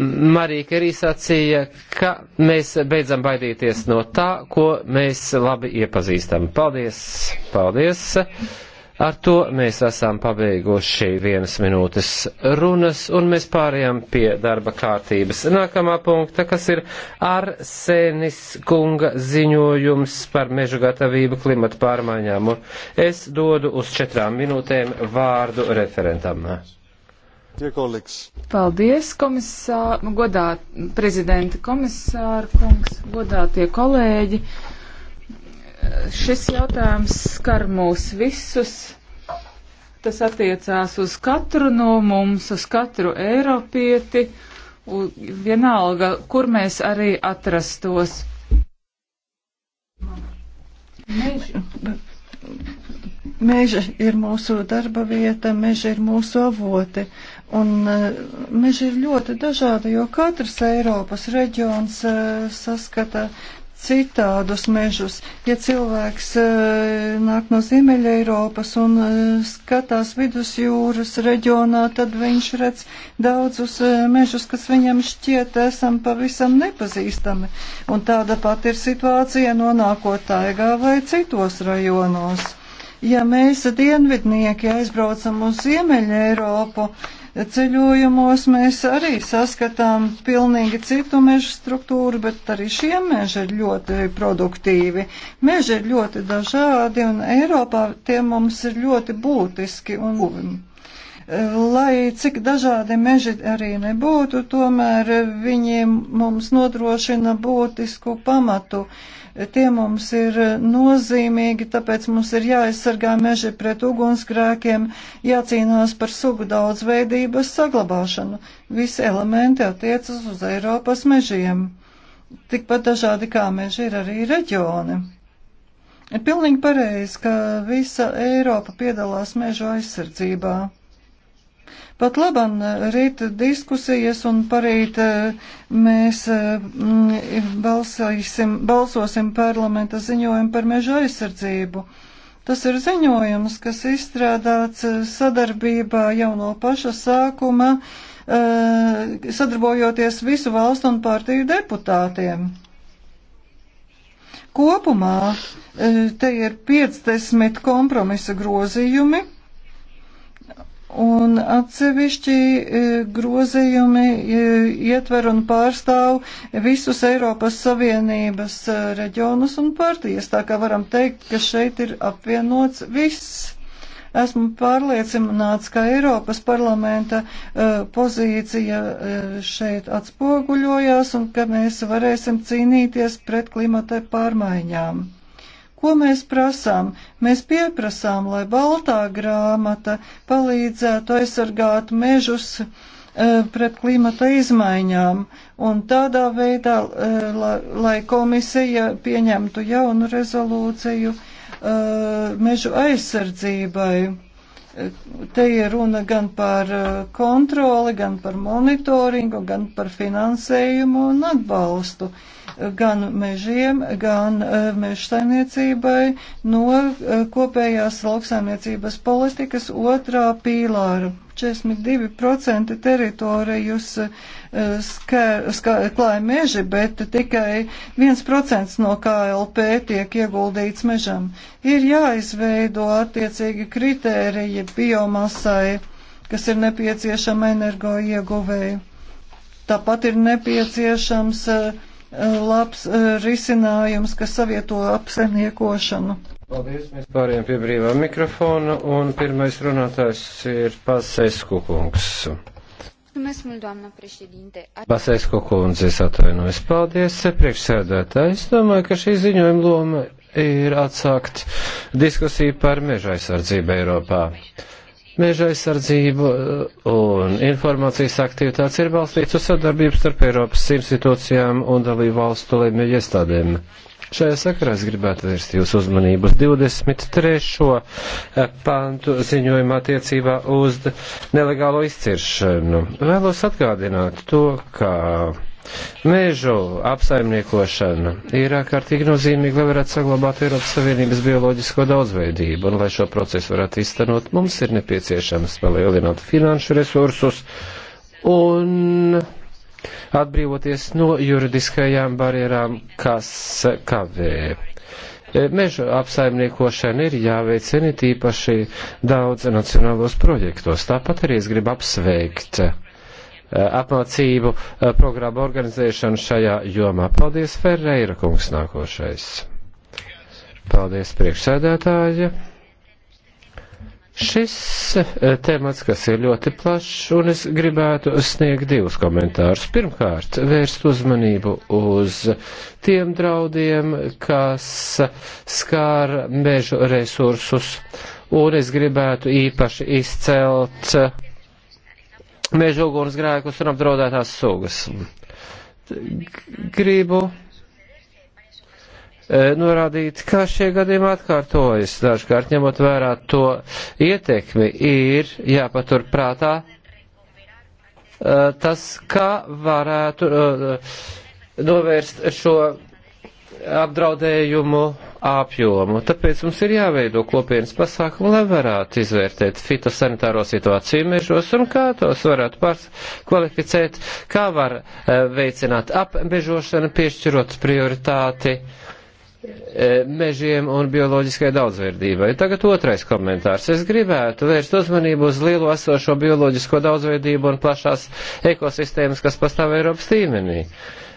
Marija Kerī sacīja, ka mēs beidzam baidīties no tā, ko mēs labi iepazīstam. Paldies! Paldies! Ar to mēs esam pabeiguši vienas minūtes runas, un mēs pārējām pie darba kārtības. Nākamā punkta, kas ir Arsēnis kunga ziņojums par mežu gatavību klimata pārmaiņām, un es dodu uz četrām minūtēm vārdu referentam. Paldies, komisār, nu, godā prezidenta komisāra kungs, godā tie kolēģi. Šis jautājums skar mūs visus. Tas attiecās uz katru no mums, uz katru eiropieti, vienalga, kur mēs arī atrastos. Meži. meži ir mūsu darba vieta, meži ir mūsu avoti. Uh, Un eh, meži ir ļoti dažādi, jo katrs Eiropas reģions eh, saskata citādus mežus. Ja cilvēks eh, nāk no Ziemeļa Eiropas un skatās vidusjūras reģionā, tad viņš redz daudzus mežus, kas viņam šķiet esam pavisam nepazīstami. Un tāda pat ir situācija nonākot taigā vai citos rajonos. Ja mēs dienvidnieki aizbraucam uz Ziemeļa Eiropu, uh, Ceļojumos mēs arī saskatām pilnīgi citu mežu struktūru, bet arī šie meži ir ļoti produktīvi. Meži ir ļoti dažādi un Eiropā tie mums ir ļoti būtiski un būvimi. E, lai cik dažādi meži arī nebūtu, tomēr viņi mums nodrošina būtisku pamatu. Uh, Tie mums ir eh, nozīmīgi, tāpēc mums ir jāaizsargā meži pret ugunsgrēkiem, jācīnās par sugu daudzveidības saglabāšanu. Visi elementi attiecas uz Eiropas mežiem. Tikpat dažādi kā meži ir arī reģioni. Ir pilnīgi pareizi, ka visa Eiropa piedalās mežu aizsardzībā. Pat labam rīt diskusijas un parīt eh, mēs eh, balsosim, balsosim parlamenta ziņojumu par meža aizsardzību. Tas ir ziņojums, kas izstrādāts eh, sadarbībā jau no paša sākuma, sadarbojoties visu valstu un partiju deputātiem. Kopumā te ir 50 kompromisa grozījumi un atsevišķi e, grozījumi e, ietver un pārstāv visus Eiropas Savienības e, reģionus un partijas, tā kā varam teikt, ka šeit ir apvienots viss. Esmu pārliecināts, ka Eiropas parlamenta pozīcija šeit atspoguļojās un ka mēs varēsim cīnīties pret klimata pārmaiņām. Ko mēs prasām? Mēs pieprasām, lai baltā grāmata palīdzētu aizsargāt mežus e, pret klimata izmaiņām un tādā veidā, e, lai komisija pieņemtu jaunu rezolūciju e, mežu aizsardzībai. Te ir runa gan par uh, kontroli, gan par monitoringu, gan par finansējumu un atbalstu uh, gan mežiem, gan uh, mežsaimniecībai no kopējās lauksaimniecības politikas otrā pīlāra. 42% teritorijas eh, klāja meži, bet tikai 1% no KLP tiek ieguldīts mežam. Ir jāizveido attiecīgi kritēriji biomasai, kas ir nepieciešama energo ieguvēju. Tāpat ir nepieciešams eh, labs eh, risinājums, kas savieto apsaimniekošanu. Paldies, mēs pārējām pie brīvā mikrofona, un pirmais runātājs ir Pasesku kungs. Basēsko kundzes atvainojas. Paldies, priekšsēdētāji. Es domāju, ka šī ziņojuma loma ir atsākt diskusiju par meža aizsardzību Eiropā. Meža aizsardzība uh, un informācijas aktivitātes ir balstīts uz sadarbību starp Eiropas institūcijām un dalību valstu lēmēju iestādēm. Ja Šajā sakarā es gribētu vērst jūsu uzmanību uz 23. Eh, pantu ziņojumā attiecībā uz nelegālo izciršanu. Vēlos atgādināt to, ka Mēžu apsaimniekošana ir ārkārtīgi nozīmīga, lai varētu saglabāt Eiropas Savienības bioloģisko daudzveidību, un lai šo procesu varētu iztenot, mums ir nepieciešams palielināt finanšu resursus un atbrīvoties no juridiskajām barjerām, kas kavē. E, Meža apsaimniekošana ir jāveicina tīpaši daudz nacionālos projektos. Tāpat arī es gribu apsveikt e, apmācību e, programmu organizēšanu šajā jomā. Paldies, Ferreira kungs, nākošais. Paldies, priekšsēdētāji. Šis eh, temats, kas ir ļoti plašs, un es gribētu sniegt divus komentārus. Pirmkārt, vērst uzmanību uz tiem draudiem, kas skār mežu resursus, un es gribētu īpaši izcelt mežu ugunsgrēkus un apdraudētās sugas. Gribu E, norādīt, kā šie gadījumi atkārtojas. Dažkārt ņemot vērā to ietekmi, ir jāpatur prātā e, tas, kā varētu e, novērst šo apdraudējumu apjomu. Tāpēc mums ir jāveido kopienas pasākumu, lai varētu izvērtēt fitosanitāro situāciju mežos un kā tos varētu pārkvalificēt, kā var veicināt apmežošanu, piešķirot prioritāti uh, E, mežiem un bioloģiskai daudzveidībai. Tagad otrais komentārs. Es gribētu vērst uzmanību uz lielo esošo bioloģisko daudzveidību un plašās ekosistēmas, kas pastāv Eiropas līmenī.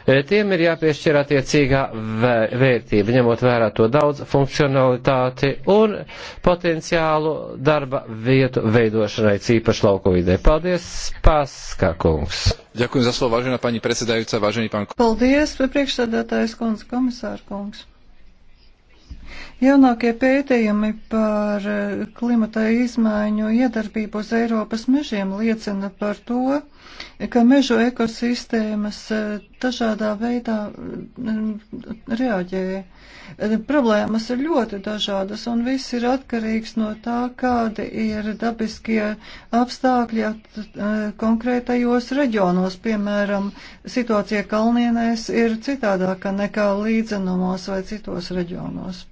E, tiem ir jāpiešķir attiecīgā vērtība, ņemot vērā to daudz funkcionalitāti un potenciālu darba vietu veidošanai, cīpaši lauku vidē. Paldies, Paska kungs! Ďakujem za slovo, vážená pani predsedajúca, vážený pán... Paldies, priekšsēdētājs kungs, komisār kungs! Jaunākie pētījumi par eh, klimata izmaiņu iedarbību uz Eiropas mežiem liecina par to, ka mežu ekosistēmas eh, dažādā veidā mm, reaģē. Eh, problēmas ir ļoti dažādas un viss ir atkarīgs no tā, kādi ir dabiskie apstākļi konkrētajos reģionos. Piemēram, situācija Kalnienēs ir citādāka nekā līdzenumos vai citos reģionos.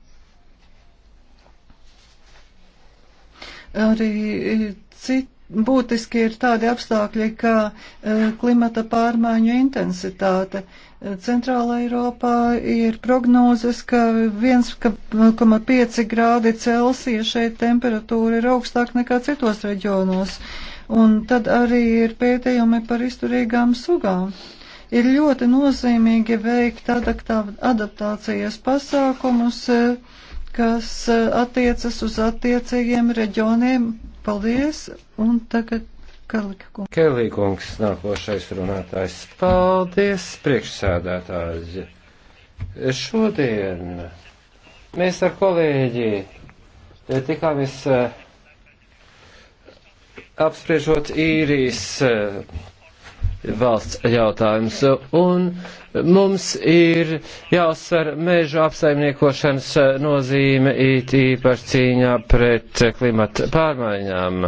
Arī eh, cit, būtiski ir tādi apstākļi, kā eh, klimata pārmaiņu intensitāte. Eh, Centrāla Eiropā ir prognozes, ka 1,5 grādi Celsija šeit temperatūra ir augstāk nekā citos reģionos. Un tad arī ir pētījumi par izturīgām sugām. Ir ļoti nozīmīgi veikt adaptācijas pasākumus. Uh, kas eh, attiecas uz attiecīgiem reģioniem. Paldies! Un tagad Kalika kungs. Kelī kungs, nākošais runātājs. Paldies, priekšsēdētāji! Šodien mēs ar kolēģi eh, tikāmies eh, apspriežot īrijas valsts jautājums. Un mums ir jāuzsver mežu apsaimniekošanas nozīme it īpaši cīņā pret klimata pārmaiņām.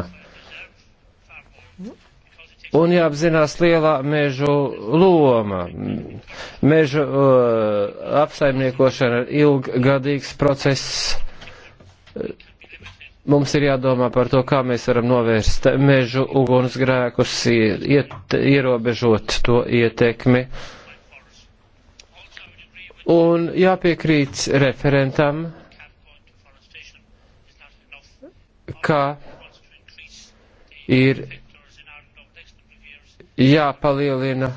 Un jāapzinās lielā mežu loma. Mežu uh, apsaimniekošana ir ilggadīgs process Mums ir jādomā par to, kā mēs varam novērst mežu ugunsgrēkus, iet, ierobežot to ietekmi. Un jāpiekrīt referentam, ka ir jāpalielina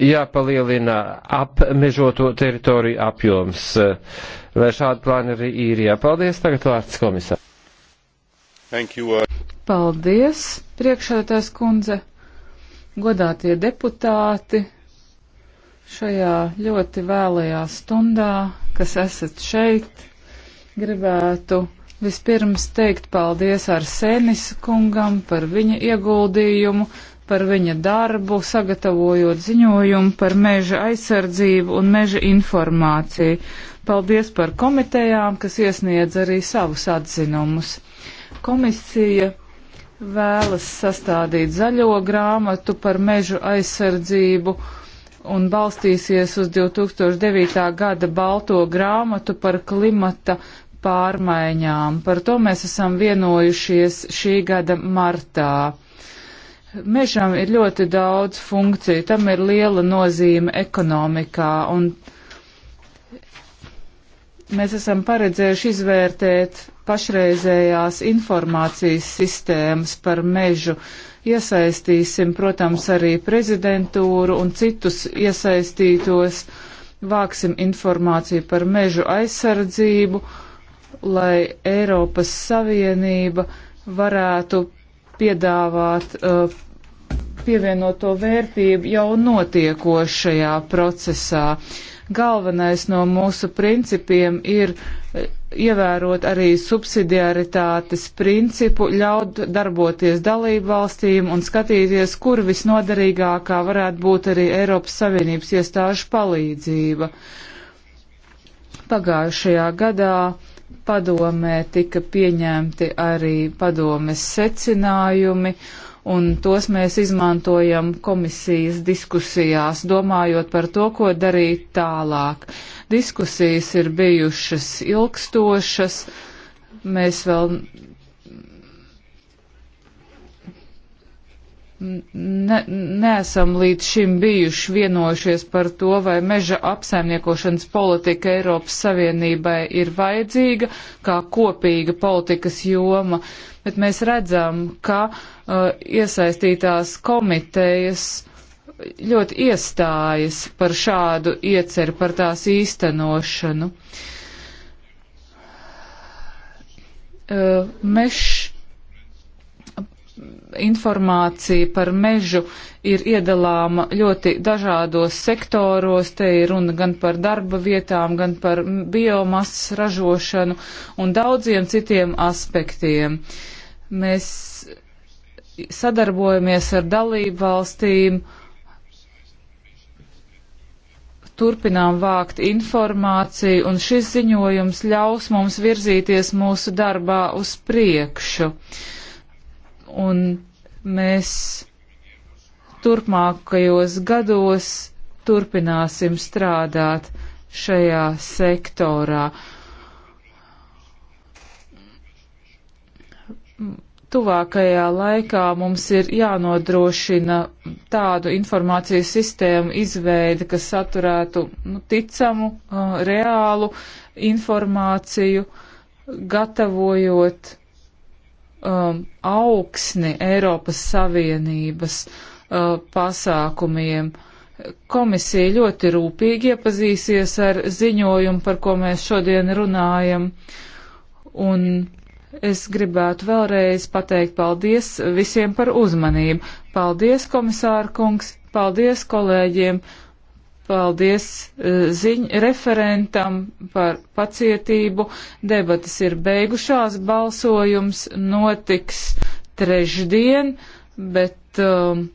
jāpalielina apmežoto teritoriju apjoms. Vai šādi plāni arī ir jāpaldies? Tagad vārds komisār. Thank you. Uh, paldies, priekšētājs kundze, godātie deputāti, šajā ļoti vēlajā stundā, kas esat šeit, gribētu vispirms teikt paldies ar Sēnis kungam par viņa ieguldījumu par viņa darbu, sagatavojot ziņojumu par meža aizsardzību un meža informāciju. Paldies par komitejām, kas iesniedz arī savus atzinumus. Komisija vēlas sastādīt zaļo grāmatu par mežu aizsardzību un balstīsies uz 2009. gada balto grāmatu par klimata pārmaiņām. Par to mēs esam vienojušies šī gada martā. Mežam ir ļoti daudz funkciju, tam ir liela nozīme ekonomikā, un mēs esam paredzējuši izvērtēt pašreizējās informācijas sistēmas par mežu. Iesaistīsim, protams, arī prezidentūru un citus iesaistītos, vāksim informāciju par mežu aizsardzību, lai Eiropas Savienība varētu piedāvāt uh, pievienoto vērtību jau notiekošajā procesā. Galvenais no mūsu principiem ir uh, ievērot arī subsidiaritātes principu, ļaut darboties dalību valstīm un skatīties, kur visnoderīgākā varētu būt arī Eiropas Savienības iestāžu palīdzība. Pagājušajā gadā uh, Padomē tika pieņemti arī padomes secinājumi, un tos mēs izmantojam komisijas diskusijās, domājot par to, ko darīt tālāk. Diskusijas ir bijušas ilgstošas, mēs vēl ne, neesam līdz šim bijuši vienojušies par to, vai meža apsaimniekošanas politika Eiropas Savienībai ir vajadzīga kā kopīga politikas joma, bet mēs redzam, ka uh, iesaistītās komitejas ļoti iestājas par šādu ieceru, par tās īstenošanu. Uh, mešs informācija par mežu ir iedalāma ļoti dažādos sektoros. Te ir runa gan par darba vietām, gan par biomasas ražošanu un daudziem citiem aspektiem. Mēs sadarbojamies ar dalību valstīm, turpinām vākt informāciju, un šis ziņojums ļaus mums virzīties mūsu darbā uz priekšu. Uh, un mēs turpmākajos gados turpināsim strādāt šajā sektorā. Tuvākajā laikā mums ir jānodrošina tādu informācijas sistēmu izveidi, kas saturētu nu, ticamu, uh, reālu informāciju, gatavojot um, augsni Eiropas Savienības uh, pasākumiem. Komisija ļoti rūpīgi iepazīsies ar ziņojumu, par ko mēs šodien runājam. Un es gribētu vēlreiz pateikt paldies visiem par uzmanību. Paldies, komisārkungs, paldies kolēģiem Paldies eh, ziņ, referentam par pacietību. Debatas ir beigušās, balsojums notiks trešdien, bet. Um,